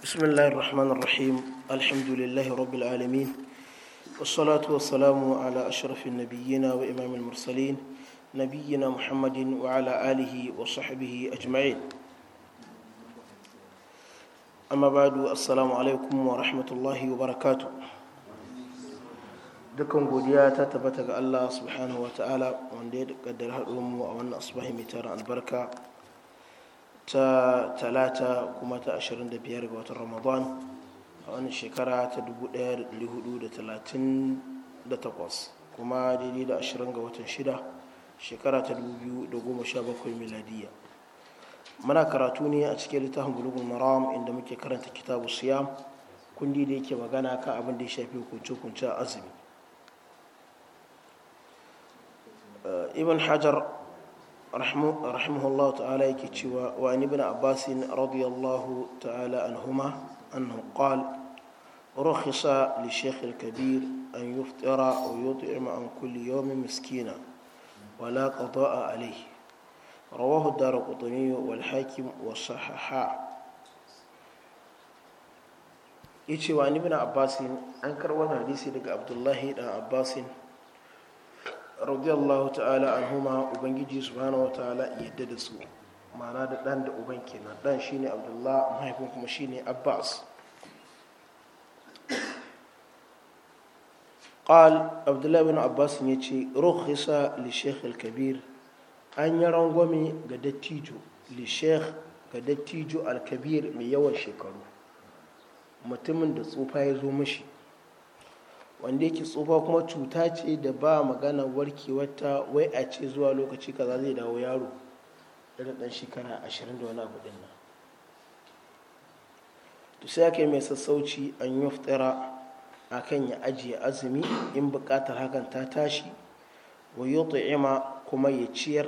بسم الله الرحمن الرحيم الحمد لله رب العالمين والصلاة والسلام على أشرف النبيين وإمام المرسلين نبينا محمد وعلى آله وصحبه أجمعين أما بعد السلام عليكم ورحمة الله وبركاته dukkan godiya ta tabbata ga Allah subhanahu wa ta'ala wanda ya kaddara haɗuwar mu a wannan asbahi mai tara albarka ta talata kuma ta 25 ga watan ramadan a wani shekara ta 1438 kuma daidai da 20 ga watan 6 shekara ta 2017 miladiya muna karatu ne a cikin littafin bulugun maram inda muke karanta kitabu siyam kundi da yake magana kan abin da ya shafi hukunce-hukunce azumi eh, ibn hajar rahimahullahu ta'ala yake cewa wa ni bin abbasin radiyallahu ta'ala an huma annan ƙwal rukhisa li shekhar kabir an yi fitara a yi an kulli yau mai miskina wala ƙato a alai rawahu da rakutani wal hakim wa sahaha yace wa ni bin an karwar hadisi daga abdullahi dan abbasin radiyallahu ta'ala anhuma ubangiji subhanahu ta'ala yadda da su Mana da dan da uban kenan Ɗan shine abdullah mahaifin kuma shine abbas qal abdullah ibn abbas ne ce rukhisa li shaykh al kabir an yi rangwame ga dattijo li shaykh ga dattijo al kabir mai yawan shekaru mutumin da tsufa ya zo mashi wanda yake tsufa kuma cuta ce da ba magana warkewarta wai a ce zuwa lokaci kaza zai dawo yaro da dan shekara ashirin da wani abu din nan to sai aka yi mai sassauci an yi fitira a kan ya ajiye azumi in buƙatar hakan ta tashi wa ima kuma ya ciyar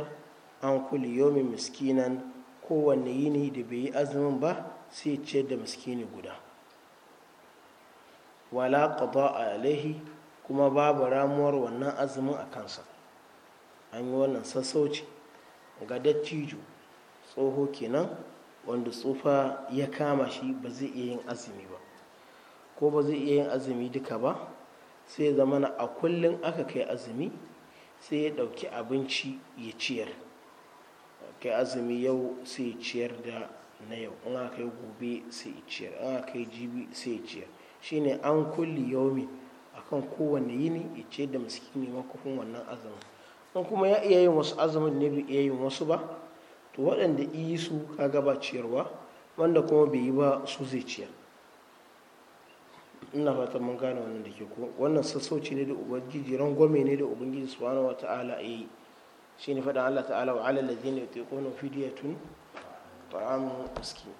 an kuli yomi miskinan kowanne yini da bai yi azumin ba sai ya ciyar da miskini guda wala qada alaihi kuma babu ramuwar wannan azumin a kansa an yi wannan sassauci ga dattijo tsoho kenan wanda tsufa ya kama shi ba zai iya yin azumi ba ko ba zai iya yin azumi duka ba sai zama na a kullum aka kai azumi sai ya ɗauki abinci ya ciyar kai azumi yau sai ya ciyar da na yau in aka yi gobe sai ya ciyar in aka yi jibi sai ciyar shine an kulli yaumi akan kowanne yini ya ce da miskini makofin wannan azumin in kuma ya iya yin wasu azumin ne bai iya yin wasu ba to waɗanda iyi su ka ba ciyarwa wanda kuma bai yi ba su zai ciyar ina fata mun gane wannan da ke ko wannan sassauci ne da ubangiji rangwame ne da ubangiji subhanahu wa ta'ala ya yi ne faɗin Allah ta'ala wa alal ladina yutiquna fidiyatun ta'amu miskin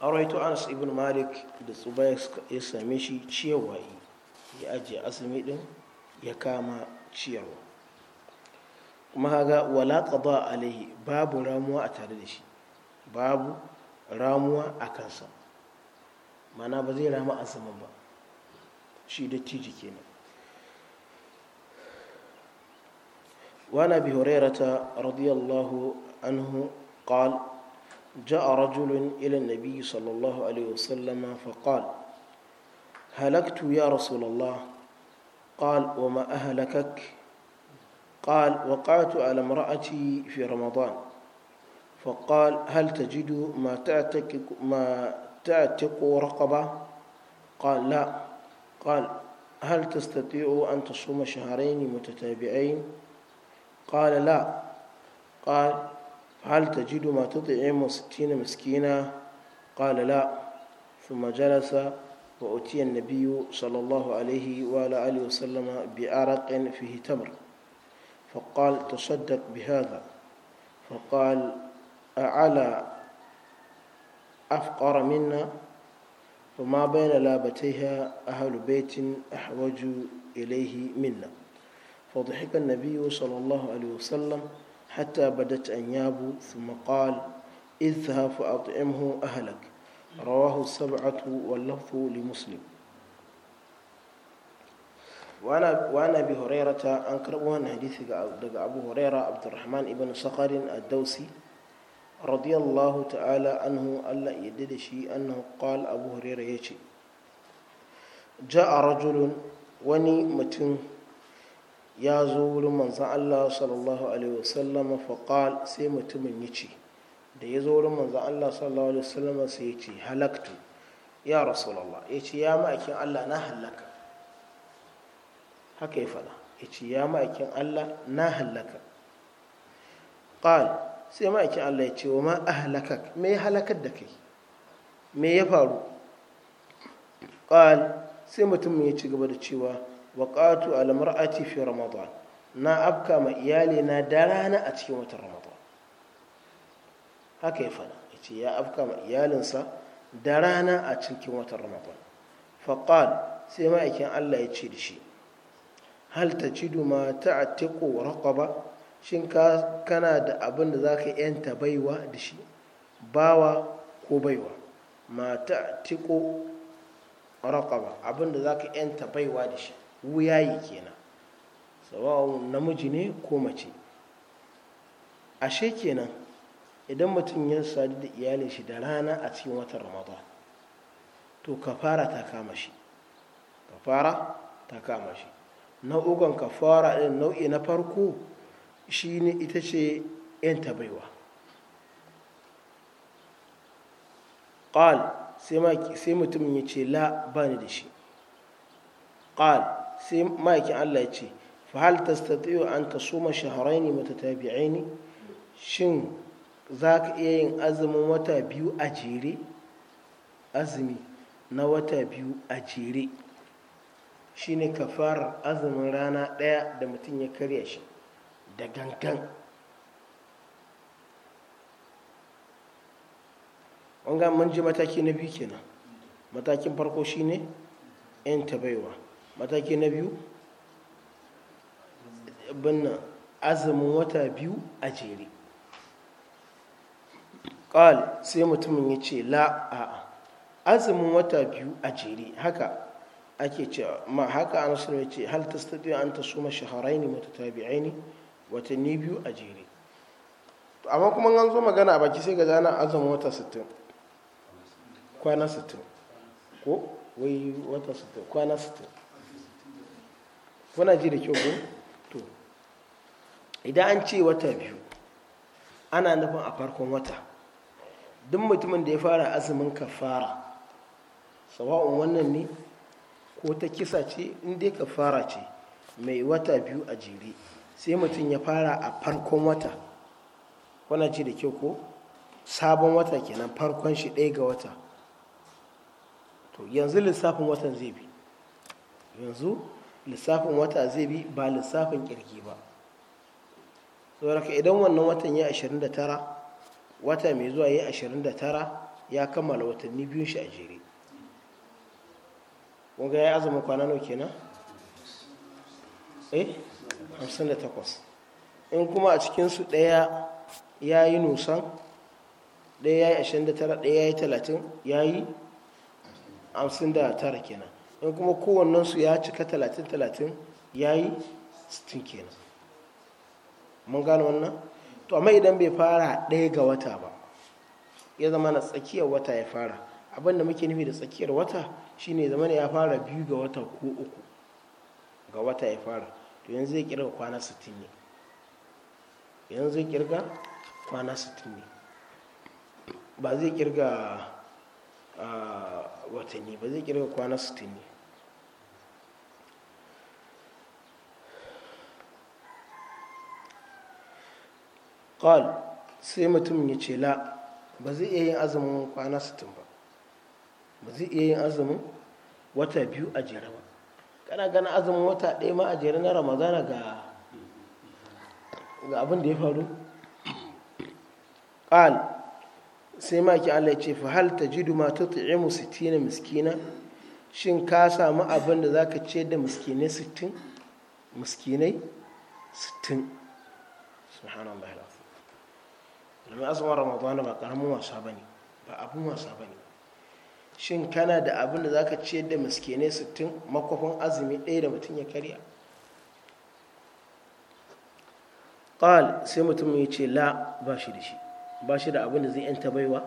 an rawaito anas ibn malik da tsuba ya same shi ciyarwa ya ajiye azumi din ya kama ciyarwa kuma haga wala qada alaihi babu ramuwa a tare da shi babu ramuwa a kansa mana ba zai rama azumin ba shi da tiji kenan Wa ابي هريره رضي radiyallahu anhu قال جاء رجل إلى النبي صلى الله عليه وسلم فقال هلكت يا رسول الله قال وما أهلكك قال وقعت على امرأتي في رمضان فقال هل تجد ما تعتق ما تعتق رقبة قال لا قال هل تستطيع أن تصوم شهرين متتابعين قال لا قال هل تجد ما تطعم ستين مسكينا قال لا ثم جلس وأتي النبي صلى الله عليه وعلى آله وسلم بعرق فيه تمر فقال تصدق بهذا فقال أعلى أفقر منا وما بين لابتيها أهل بيت أحوج إليه منا فضحك النبي صلى الله عليه وسلم حتى بدت أنياب ثم قال اذهب فأطعمه أهلك رواه السبعة واللفظ لمسلم وانا وانا ابي هريره انكر وانا حديث ابو هريره عبد الرحمن بن صقر الدوسي رضي الله تعالى عنه ألا يدد شيء أنه قال أبو هريرة يجي جاء رجل وني متن ya zo wurin manzan Allah sallallahu alaihi wasallam faqal sai mutumin ya ce da ya zo wurin manzan Allah sallallahu alaihi wasallam sai ya ce halaktu ya rasulullah ya ce ya ma'aikin Allah na halaka haka ya fada ya ce ya ma'aikin Allah na halaka qal sai ma'aikin Allah ya ce wa ma ahlakak me ya halakar da kai me ya faru qal sai mutumin ya ci gaba da cewa Waƙatu qatu al mar'ati fi ramadan na afka ma iyali na da rana a cikin watan ramadan haka ya fada ce ya afka ma iyalinsa da rana a cikin watan ramadan faƙal sai ma'aikin Allah ya ce da shi hal tajidu ma ta'tiqu raqaba shin ka kana da abin da ka yanta baiwa da shi bawa ko baiwa ma ta'tiqu raqaba abin da zaka yanta baiwa da shi Wuya wuyayi kenan sawa'un namiji ne ko mace ashe kenan idan mutum ya sadu da iyalin shi da rana a cikin watan ramadan to kafara ta kama shi kafara ta kama shi nau'ukan kafara ɗin nau'i na farko shine ita ce 'yan tabaiwa ƙal sai mutum ya ce la bani da shi ƙal sai ma'aikin Allah ya ce fa hal tastati'u an ta shahrayn ne shin za ka iya yin azumin wata biyu a jere azumi na wata biyu a jere shine fara azumin rana ɗaya da mutum ya karya shi da gangan wanga mun ji mataki na biyu kenan matakin farko shine 'yan tabaiwa mataki na biyu binna azumin wata biyu a jere ƙwal sai mutumin ya ce la a azumin wata biyu a jere haka ake ce ma haka an ya ce hal ta stadiyo an ta suma shaharai ne mata mutatabi'ai ne watanni biyu a jere amma kuma an zo magana a baki sai ga zana azumin wata 60 kwana 60 ko wai wata 60 kwana 60 kuna ji da kyau to idan an ce wata biyu ana nufin a farkon wata duk mutumin da ya fara azumin kafara sawa'un wannan ne ko ta kisa ce inda kafara ce mai wata biyu a jere sai mutum ya fara a farkon wata kuna ji da kyau ko sabon wata kenan farkon shi ɗaya ga wata to yanzu lissafin watan zai bi yanzu lissafin wata zai bi ba lissafin kirki ba sauraka idan wannan watan ya 29 wata mai zuwa ya 29 ya kammala watanni biyun shi a jere wanga ya azumin kwana nau kenan eh 58 in kuma a cikinsu daya ya yi nusan daya ya yi 29 daya ya yi 30 ya yi 59 kenan in kuma kowannensu ya cika 30-30 ya yi 60 kenan mun gano wannan to amma idan bai fara ɗaya ga wata ba ya zama na tsakiyar wata ya fara abinda muke nufi da tsakiyar wata shine zama ya fara biyu ga wata ko uku ga wata ya fara to yanzu zai kirga kwana 60 ne yanzu zai kirga kwana 60 ne ba zai kirga watanni ba zai kirga kwana 60 ne Ƙwal sai mutum ya ce la ba zai iya yin azumin kwana 60 ba ba zai iya yin azumin wata biyu a jere ba kana gana azumin wata ɗaya ma a jere na ramadana ga abin da ya faru Ƙwal. sai maki Allah ya ce fa hal tajidu ma tut'imu 60 miskina shin ka samu abin da zaka ce da miskine 60 miskinai 60 alazim domin azumin ramadan ba karamin wasa bane ba abin wasa bane shin kana da abin da zaka ce da miskine 60 makofin azumi ɗaya da mutum ya karya qal sai mutum ya ce la ba shi da shi ba shi da abin da zai yanta baiwa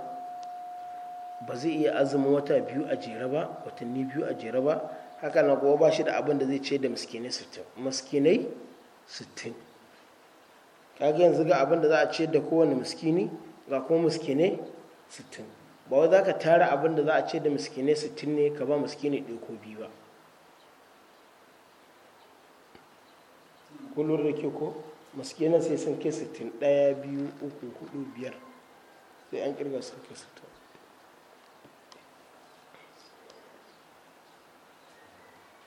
ba zai iya azumin wata biyu a jere ba watanni biyu a jere ba haka na kuma ba shi da abin da zai ce da maskinai sittin maskinai sittin kaga yanzu ga abin da za a ce da kowane maskini ga kuma maskinai sittin ba wai za ka tara abin da za a ce da maskinai sittin ne ka ba miskini ɗaya ko biyu ba kullum da ke ko miskinan sai sun kai sittin ɗaya biyu uku hudu biyar da 'yan kirga su ke sata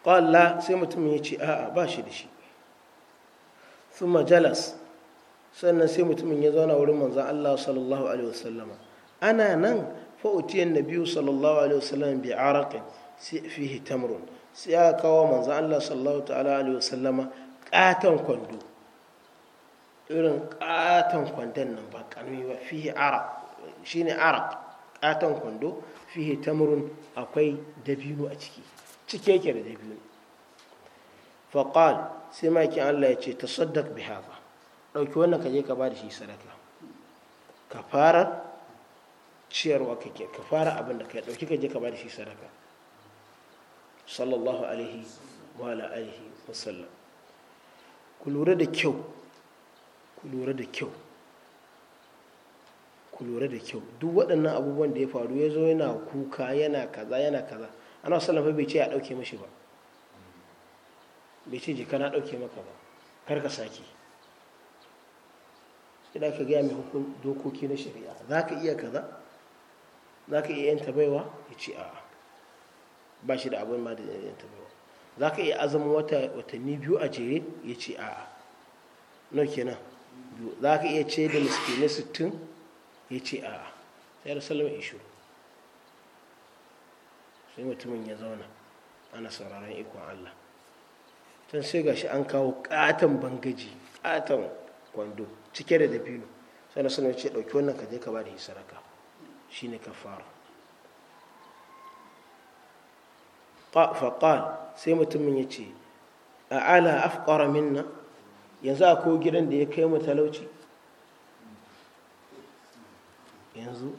ƙwalla sai mutum ya ce a'a ba shi da shi sun jalas sannan sai mutumin ya zauna wurin manzan Allah sallallahu alaihi wasallama ana nan fautiyar fa'utiyan biyu sallallahu alaihi wasallam bi araqin fihi tamrun sai aka kawo manzan Allah sallallahu alaihi wasallama katon kwando irin katon kwandon nan ba kanumi ba fihi araq ne arab katon kwando fiye tamurin akwai dabino a ciki cike yake da dabino faƙal sai makin Allah ya ce ta saddak bi hada ɗauki wannan kaje ka ba da shi sadaka fara ciyarwa kake fara abin da ka ɗauki kaje ka ba da shi sadaka sallallahu alaihi wa alaihi wasallam ku lura da kyau ku lura da kyau ku lura da kyau duk waɗannan abubuwan da ya faru ya zo yana kuka yana kaza yana kaza ana sallama bai ce ya ɗauke mashi ba bai ce jika na ɗauke maka ba kar ka sake idan ka gaya mai hukun dokoki na shari'a za ka iya kaza za ka iya yanta baiwa ya ce a ba shi da abin ma da yanta baiwa za ka iya azumin watanni biyu a jere ya ce a nau kenan za ka iya ce da miskinai sittin ya ce a'a sai rasulun isho sai mutumin ya zauna ana sauraron ikon allah tun sai gashi an kawo katon bangaji katon kwando cike da dabino sai rasulun ce dauki wannan ka je ka ba da hisaraka shi ne ka fara faƙal sai mutumin ya ce ala afƙara minna yanzu a ko gidan da ya kai mu talauci yanzu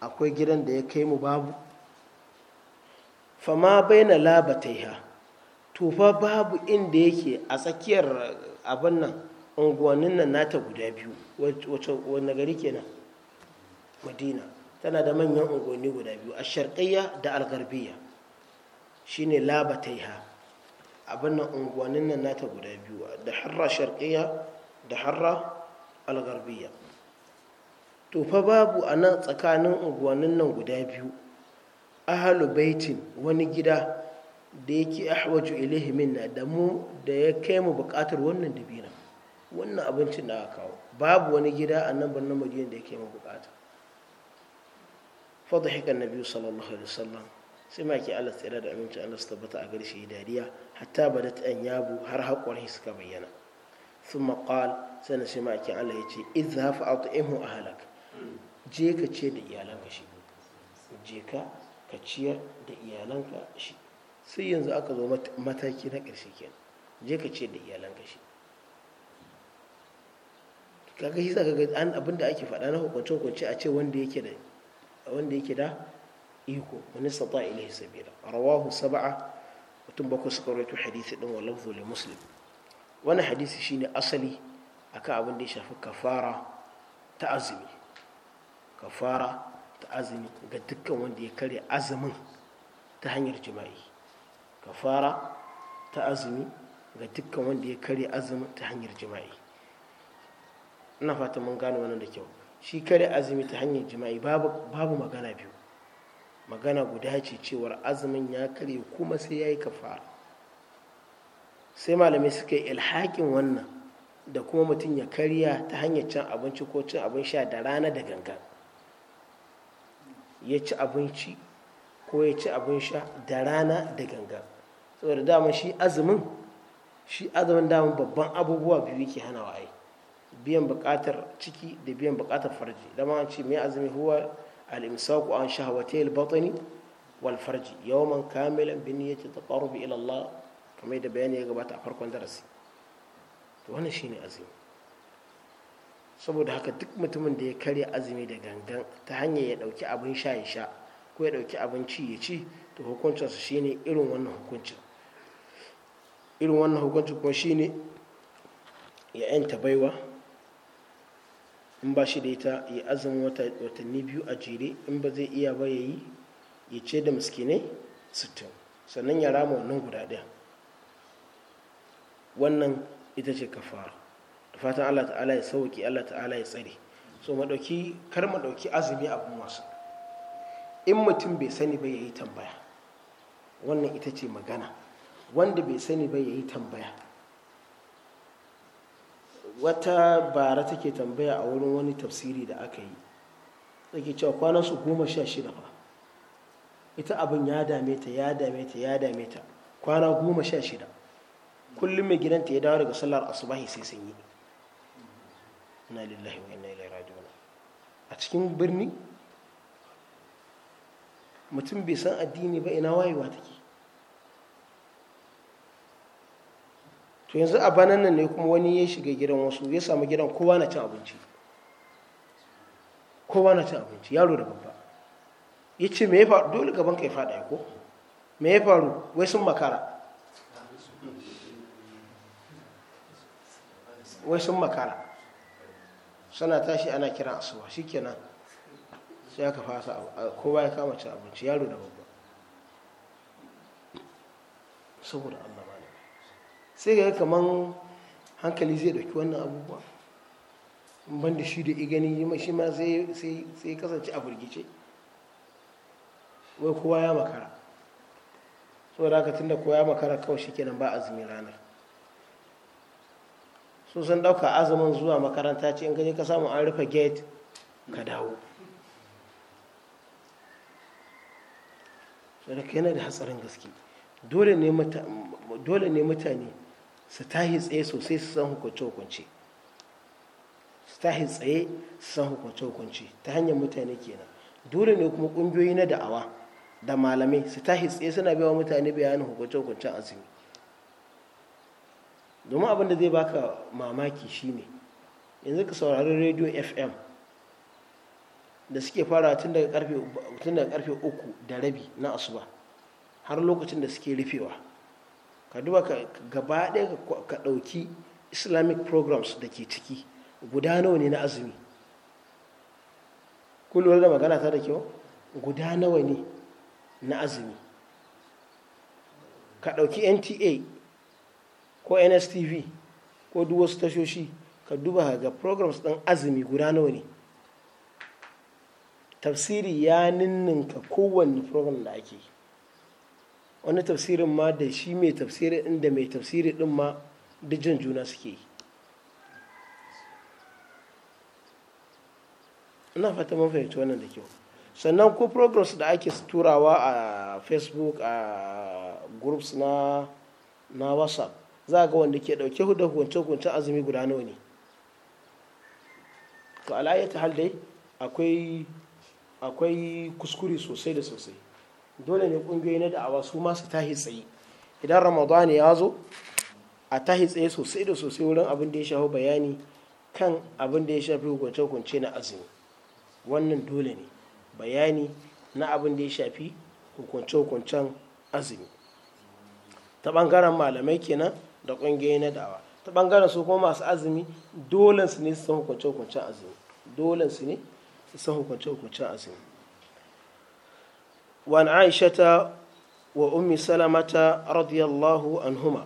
akwai gidan da ya kai mu babu fama bai na ha tufa babu inda yake a tsakiyar abin nan unguwannin nan nata guda biyu wani gari kenan madina tana da manyan unguwanni guda biyu a sharƙayya da algarbiya shi ne labatai ha abin nan unguwannin nan nata guda biyu da harra sharƙiyya da harra algarbiya to fa babu a nan tsakanin unguwannin nan guda biyu ahalu baitin wani gida da yake ahwaju ilaihi minna da mu da ya kai mu bukatar wannan dabinan wannan abincin da aka kawo babu wani gida a nan birnin madina da ya kai mu bukata fadhikan nabi sallallahu alaihi wasallam sai ma ke Allah tsira da aminci Allah su tabbata a gare shi dariya hatta badat an yabu har shi suka bayyana thumma qala sai sai ma ke Allah yace idhhab fa'at'imhu ahlak je ka ce da iyalanka shi je ka ka ciyar da iyalanka shi sai yanzu aka zo mataki na ƙarshe kenan je ka ce da iyalanka shi kaga shi zaka ga an abin da ake faɗa na hukunce hukunce a ce wanda yake da wanda yake da iko man istata ilayhi sabila rawahu sab'a mutum bako suka rawaito hadisi din wa lafzu li muslim wannan hadisi shine asali akan abin da ya shafi kafara ta azumi kafara ta azumi ga dukkan wanda ya karya azumin ta hanyar jima'i kafara ta azumi ga dukkan wanda ya karya azumin ta hanyar jima'i ina fata mun gane wannan da kyau shi karya azumi ta hanyar jima'i babu magana biyu magana guda ce cewar azumin ya karya kuma sai ya yi kafara sai malamai suka yi ilhakin wannan da kuma mutum ya karya ta hanyar cin abinci ko cin abin sha da rana da gangan ya ci abinci ko ya ci abin sha da rana da ganga saboda dama shi azumin shi azumin dama babban abubuwa biyu yake hana wa'ai biyan bukatar ciki da biyan bukatar farji dama an ce mai azumi huwa al-imsaku an shahawati al-batni wal farji yawman kamilan bi niyyati taqarrubi ila Allah kamar da bayani ya gabata a farkon darasi to wannan shine azumi saboda haka duk mutumin da ya karya azumi da gangan ta hanyar ya dauki abin sha ya sha ko ya dauki abin ci ya ci to hukuncinsa shine irin wannan hukuncin irin wannan hukuncin kuma shine ya yanta baiwa in ba shi da ita ya azumi watanni biyu a jere in ba zai iya ba yayi ya ce da miskinai sittin sannan ya rama wannan guda ɗaya wannan ita ce kafara fatan Allah ta'ala ya sauki Allah ta'ala ya tsare so madauki kar madauki azumi abun wasu in mutum bai sani ba yayi tambaya wannan ita ce magana wanda bai sani ba yayi tambaya wata bara take tambaya a wurin wani tafsiri da aka yi take cewa kwanan su goma sha shida fa ita abin ya dame ta ya dame ta ya dame ta kwana goma sha shida kullum mai gidanta ya dawo daga sallar asubahi sai sun yi inna lillahi wa inna ilaihi raji'un a cikin birni mutum bai san addini ba ina wayewa take to yanzu a banan nan ne kuma wani ya shiga gidan wasu ya samu gidan kowa na cin abinci kowa na cin abinci yaro da babba ya ce me ya faru dole gaban ka ya faɗa ya ko me ya faru wai sun makara wai sun makara sana tashi ana kira asuba shikenan sai aka fasa kowa ya kama cin abinci yaro da babba saboda Allah ma sai ga kaman hankali zai dauki wannan abubuwa ban da shi da igani shi ma sai kasance a burgice wai kowa ya makara saboda haka tunda kowa ya makara kawai shi kenan ba azumi ranar sun san ɗauka azumin zuwa makaranta ce in gaji ka samu an rufe gate ka dawo Kai yana da hatsarin gaske dole ne mutane su tahi tsaye sosai su san hukunce-hukunce su tahi tsaye su san hukunce-hukunce ta hanyar mutane kenan dole ne kuma ƙungiyoyi na da'awa da malamai su tahi tsaye suna wa mutane bayanin hukunce-hukuncen azumi domin abin da zai baka mamaki shine yanzu ka saurari radio fm da suke fara tun daga karfe uku da rabi na asuba har lokacin da suke rufewa ka duba gaba ɗaya ka ɗauki islamic programs da ke ciki guda nawa ne na azumi kullum da magana ta da kyau guda nawa ne na azumi ka ɗauki nta ko nstv ko duk wasu tashoshi ka duba ga programs ɗin azumi guda nawa ne tafsiri ya ninninka kowanne program da ake wani tafsirin ma da shi mai tafsiri ɗin mai tafsiri ɗin ma dijin juna suke yi ina fata mun fahimci wannan da kyau sannan ko programs da ake turawa a facebook a groups na na whatsapp za a ga wanda ke dauke da hukunce-hukuncen azumi guda nawa ne to alayyata hal dai akwai kuskure sosai da sosai dole ne kungiyoyi na da'awa su masu tahi tsaye idan ramadan ya zo a tahi tsaye sosai da sosai wurin abin da ya shafi bayani kan abin da ya shafi hukunce-hukunce na azumi wannan dole ne bayani na abin da ya shafi hukunce-hukuncen azumi ta ɓangaren malamai kenan da ƙungiyoyi na dawa ta ɓangaren su kuma masu azumi dole su ne su san hukunce hukuncen azumi dole su ne su san hukunce hukuncen azumi وعن عائشة وأم سلمة رضي الله عنهما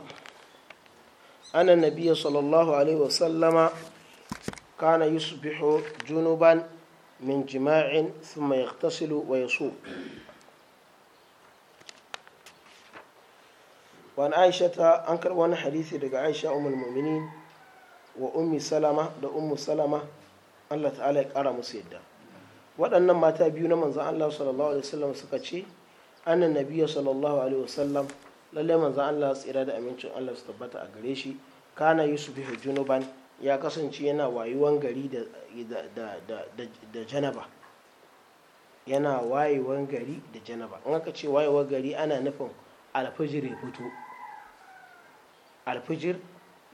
أن النبي صلى الله عليه وسلم كان يصبح جنبا من wa aisha ta an karɓi wani hadisi daga aisha umar mu'minin wa ummi salama da ummu salama Allah ta'ala ya ƙara musu yadda waɗannan mata biyu na manzan Allah sallallahu alaihi wasallam suka ce annan nabiya sallallahu alaihi wasallam lallai manzan Allah tsira da amincin Allah su tabbata a gare shi kana yusuf junuban ya kasance yana wayuwan gari da da janaba yana wayewan gari da janaba in aka ce wayewan gari ana nufin alfajir fito alfijir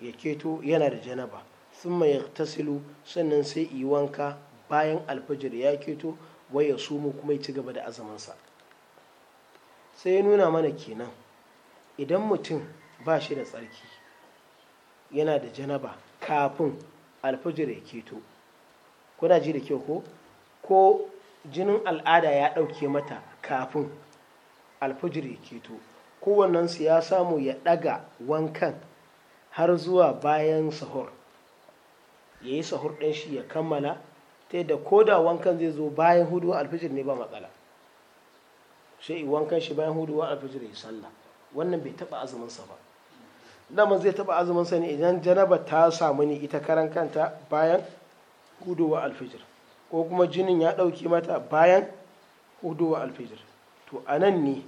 ya keto yana da janaba sun mai tasilu sannan sai yi wanka bayan alfijir ya keto wai ya sumu kuma ya ci gaba da azamansa sai ya nuna mana kenan idan mutum ba shi da tsarki yana da janaba kafin alfijir ya keto kuna ji da kyau ko ko jinin al'ada ya ɗauke mata kafin alfijir ya keto kowannensu ya samu ya ɗaga wankan har zuwa bayan sahur ya yi sahur ɗin shi ya kammala ta yadda ko da wankan zai zo bayan hudu alfijir ne ba matsala yi wankan shi bayan hudu alfijir ya sallah wannan bai taɓa azuminsa ba dama zai taɓa azuminsa ne idan janaba ta samu ne ita karan kanta bayan hudu alfijir ko kuma jinin ya ɗauki mata bayan hudu alfijir to a nan ne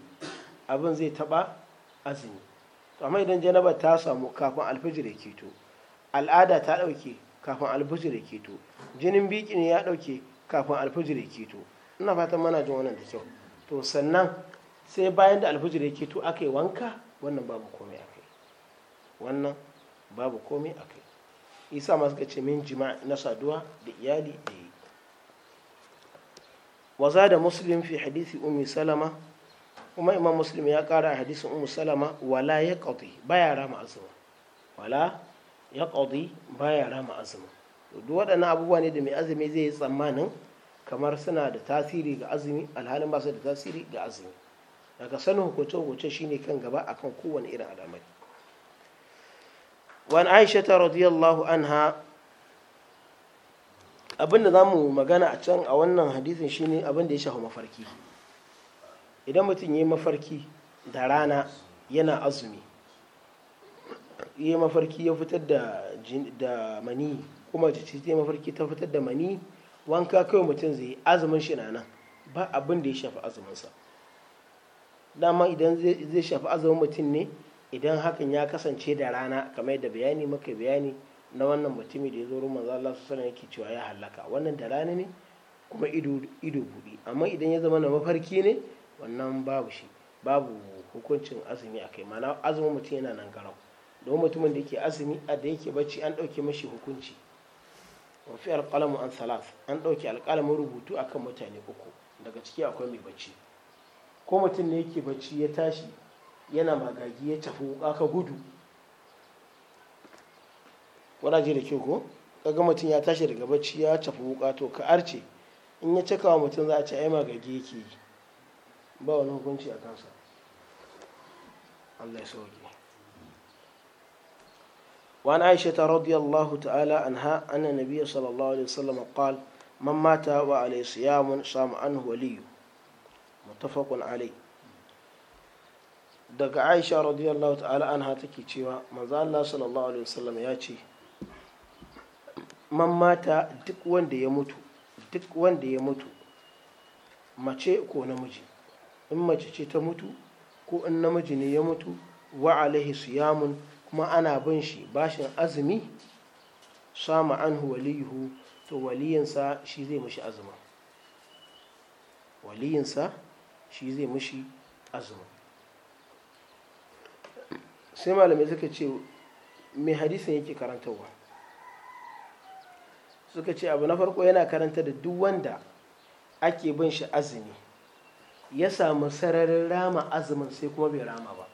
abin zai taɓa azumi amma idan janaba ta samu kafin alfijir ya keto al'ada ta ɗauke kafin alfijir ya keto jinin biki ne ya ɗauke kafin alfijir ya keto ina fatan mana jin wannan da kyau to sannan sai bayan da alfijir ya keto aka yi wanka wannan babu komai a wannan babu komai a kai isa masu ce min jima na saduwa da iyali da yi waza da muslim fi hadisi ummi salama kuma imam muslim ya kara a hadisin umu salama wala ya qadi baya rama azuma wala ya qadi baya rama azuma duk waɗannan abubuwa ne da mai azumi zai yi tsammanin kamar suna da tasiri ga azumi alhalin ba su da tasiri ga azumi daga sanin hukunce hukunce shine kan gaba akan kowane irin alamari wani aisha رضي anha عنها abinda za mu magana a can a wannan hadisin shine abin da ya shafi mafarki idan mutum ya yi mafarki da rana yana azumi yi mafarki ya fitar da mani kuma ce ta mafarki ta fitar da mani wanka kawai mutum zai azumin shi na nan ba abin da ya shafi azuminsa dama idan zai shafi azumin mutum ne idan hakan ya kasance da rana kamar yadda bayani maka bayani na wannan mutumi da ya zo ruman Allah su sanar yake cewa ya halaka wannan da rana ne kuma ido buɗe amma idan ya zama na mafarki ne wannan babu shi babu hukuncin azumi a kai mana azumin mutum yana nan garau don mutumin da yake azumi a da yake bacci an ɗauke mashi hukunci wa fi alƙalamu an salas an ɗauke alƙalamin rubutu akan mutane uku daga ciki akwai mai bacci ko mutum ne yake bacci ya tashi yana magagi ya tafi wuka ka gudu wadaje da kyau ko kaga mutum ya tashi daga bacci ya tafi wuka to ka arce in ya cakawa mutum za a ce ai magagi yake yi ba wani hukunci a kansa Allah ya sauke وعن عائشة رضي الله تعالى عنها أن النبي صلى الله عليه وسلم قال من مات وعليه صيام صام عنه ولي متفق عليه daga aisha radiyallahu ta'ala anha take cewa manzo Allah sallallahu alaihi wasallam ya ce mamata mata duk wanda ya mutu duk wanda ya mutu mace ko namiji in mace ce ta mutu ko in namiji ne ya mutu wa alaihi siyamun kuma ana bin shi bashin azumi sama an waliyuhu to waliyinsa shi zai mushi azumin waliyinsa shi zai mushi azumin sai malamai suka ce mai hadisin yake karantarwa suka ce abu na farko yana karanta da duk wanda ake bin shi azumi ya samu sararin rama azumin sai kuma bai rama ba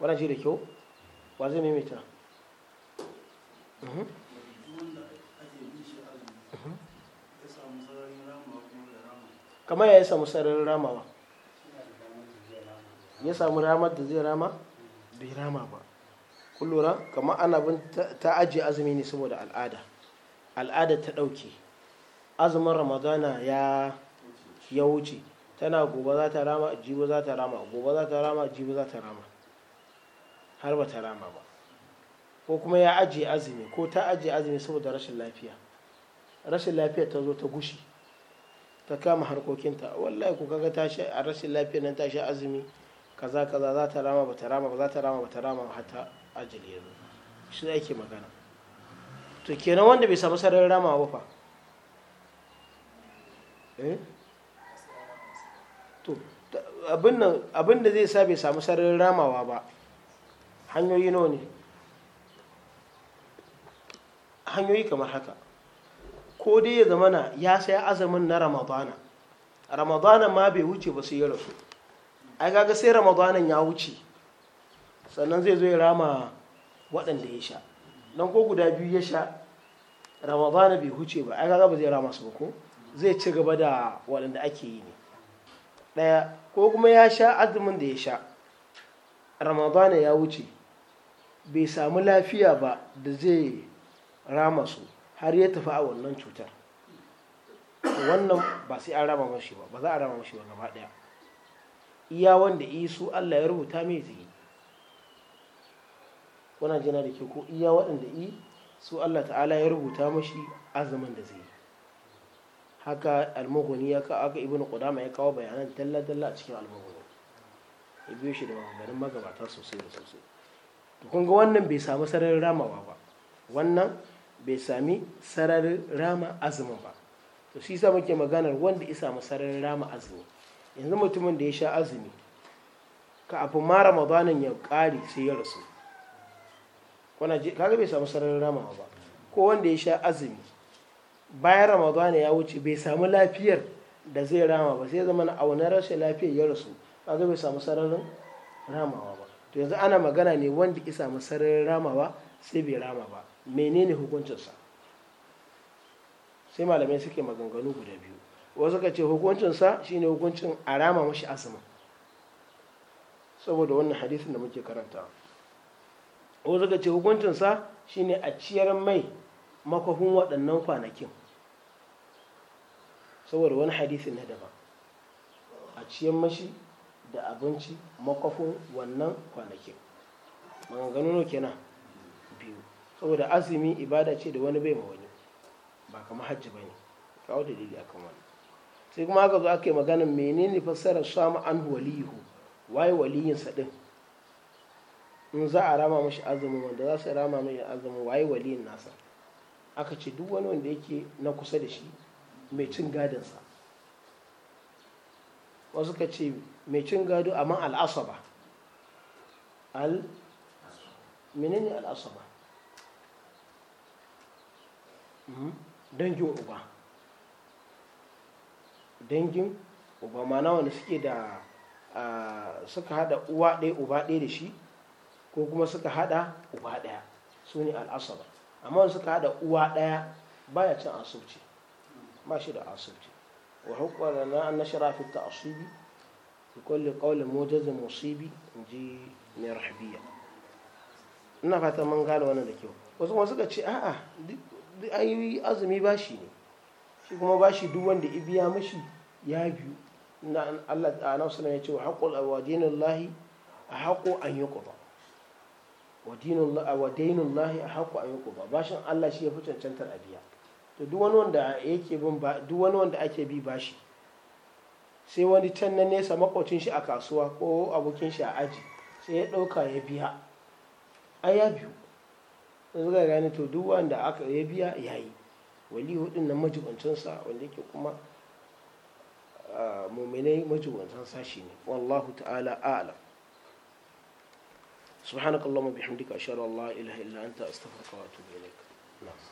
wannan shi da kyau ba zai maimaita mhm. Mhm. kamar ya samu sararin rama ba? ya samu ramar da zai rama bai rama ba kullura kamar ana bin ta ajiye azumi ne saboda al'ada al'ada ta ɗauke azumin ramadana ya ya wuce tana gobe za ta rama jibo za ta rama gobe za ta rama jibo za ta rama har ba ta rama ba ko kuma ya ajiye azumi ko ta ajiye azumi saboda rashin lafiya rashin lafiya ta zo ta gushi ta kama harkokinta wallahi ku kaga ta a rashin lafiya nan ta shi azumi kaza kaza za ta rama ba ta rama ba za ta rama ba ta rama har ta ajali yanzu shi ake magana to kenan wanda bai samu sararin rama ba fa eh abin da zai sa bai samu sararin ramawa ba hanyoyi nawa ne hanyoyi kamar haka ko dai ya zama na ya saya azamin na ramadana ramadana ma bai wuce ba sai ya rasu ai gaga sai ramadanan ya wuce sannan zai zo ya rama waɗanda ya sha don ko guda biyu ya sha ramadana bai wuce ba ai gaga ba zai rama su ba ko zai ci gaba da waɗanda ake yi ne ɗaya ko kuma ya sha azumin da ya sha ramadana ya wuce bai samu lafiya ba da zai rama su har ya tafi a wannan cutar wannan ba sai an rama mashi ba ba za a rama mashi ba gaba daya iya wanda isu Allah ya rubuta mai zai wannan jina da ke ko iya waɗanda i su Allah ta'ala ya rubuta mashi azumin da zai haka almughni ya ka aka ibnu qudama ya kawo bayanan dalla dalla a cikin almughni ya biyo shi da maganganun magabata sosai da sosai to kun ga wannan bai samu sararin ramawa ba wannan bai sami sararin rama azumin ba to shi sa muke maganar wanda ya samu sararin rama azumi yanzu mutumin da ya sha azumi ka abu ma ramadanin ya ƙari sai ya rasu kaga bai samu sararin rama ba ko wanda ya sha azumi bayan ramadana ya wuce bai samu lafiyar da zai rama ba sai zama a wani rashin lafiyar ya rasu kaga bai samu sararin ramawa ba to yanzu ana magana ne wanda ya samu sararin ramawa sai bai rama ba menene hukuncinsa sai malamai suke maganganu guda biyu wasu ka ce hukuncinsa shine hukuncin a rama mashi asima saboda wannan hadisin da muke karanta wasu ka ce hukuncinsa shine a ciyar mai makwafin waɗannan kwanakin saboda wani hadisi na daban a ciyan mashi da abinci makwafin wannan kwanakin maganganu no kenan biyu saboda azumi ibada ce da wani bai ma wani ba kama hajji ba ne kawo dalili akan wani sai kuma aka zo aka yi maganin menene fassarar samu an waliyu waye waliyinsa din in za a rama mashi azumin wanda za su rama mai azumin waye waliyin nasa aka ce duk wani wanda yake na kusa da shi mai cin gadinsa wasu ka ce mai cin gado amma al'asaba al menene al'asaba hmm? dangin uba dangin uba mana wani suke da suka hada uwa ɗaya uba ɗaya da shi ko kuma suka hada uba ɗaya su ne al'asaba amma wani suka hada uwa ɗaya baya cin asubci ba shi da asibci wa hukwara na an nashara fi ta'asibi fi kulli qawlin mujaz musibi inji mai rahabiya ina fata mun gane wannan da kyau wasu kuma ce a'a duk ayi azumi bashi ne shi kuma bashi duk wanda ibiya mashi ya biyu na Allah a nafsu ya ce wa haqqul awadinallahi haqqu an yuqda wa dinullahi an bashin Allah shi ya fi cancantar biya. to duk wani wanda yake bin ba duk wani wanda ake bi bashi sai wani can na nesa makwacin shi a kasuwa ko abokin shi a aji sai ya ɗauka ya biya ai ya biyu yanzu ga gani to duk wanda aka ya biya ya yi wali hudun na sa wanda yake kuma majibancin sa shi ne wallahu ta'ala a'lam سبحانك اللهم وبحمدك أشهد أن لا إله إلا أنت أستغفرك وأتوب إليك نعم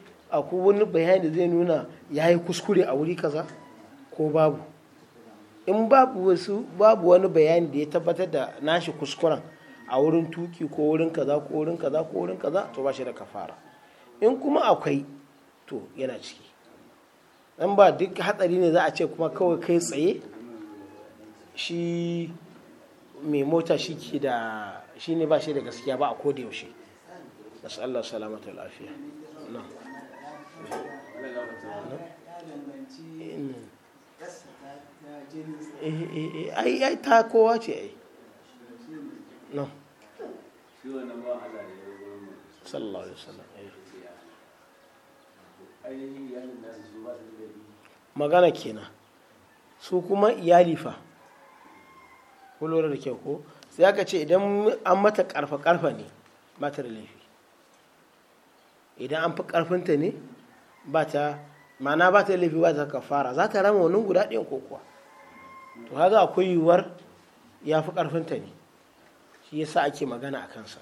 akwai wani bayani zai nuna ya yi kuskure a wuri kaza ko babu in babu wasu babu wani bayani da ya tabbatar da nashi kuskuren a wurin tuki ko wurin kaza ko wurin kaza ko wurin kaza to ba shi da kafara in kuma akwai to yana ciki dan ba duk hatsari ne za a ce kuma kawai kai tsaye shi mai mota shi ke da shi ne ba shi da gaskiya ba a koda yaushe nasu Allah salamata lafiya Eh, eh, eh, ta kowa ce ai no magana kenan su kuma iyali fa kulura da kyau ko sai aka ce idan an mata karfa karfa ne ba ta da laifi idan an fi karfinta ne ba ta ma'ana ba ta laifi ba ta kafara za ta rama wani guda ɗayan ko kuwa to haka akwai yiwuwar ya fi ƙarfinta ne shi yasa ake magana a kansa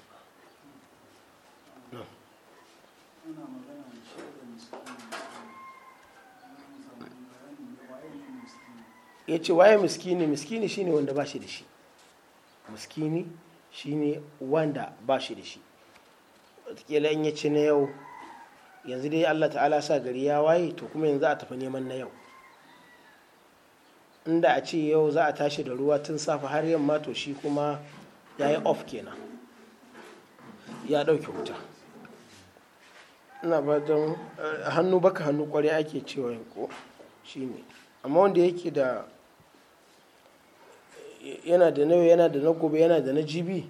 ya ce waye miskini miskini shine wanda ba shi da shi miskini shine wanda ba shi da shi wataƙila in ya ci na yau yanzu dai Allah ta'ala sa gari ya waye to kuma yanzu a tafi neman na yau inda a ce yau za a tashi da ruwa tun safe har yamma to shi kuma ya yi off kenan ya ɗauke wuta ina ba don eh, hannu baka hannu kwarai ake cewa ko shi ne amma wanda yake da yana da na yana da na gobe yana da na jibi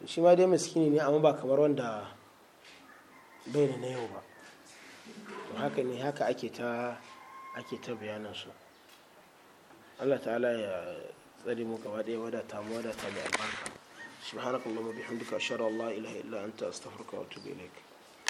to shi ma dai miskini ne amma ba kamar wanda bai da na yau ba to haka ne haka ake ta ake ta su allah ta'ala ya tsari mu gaba ɗaya wadata mu wadata mai albarka subhanakallahumma bihamdika ashhadu an la ilaha illa anta astaghfiruka wa atubu ilaik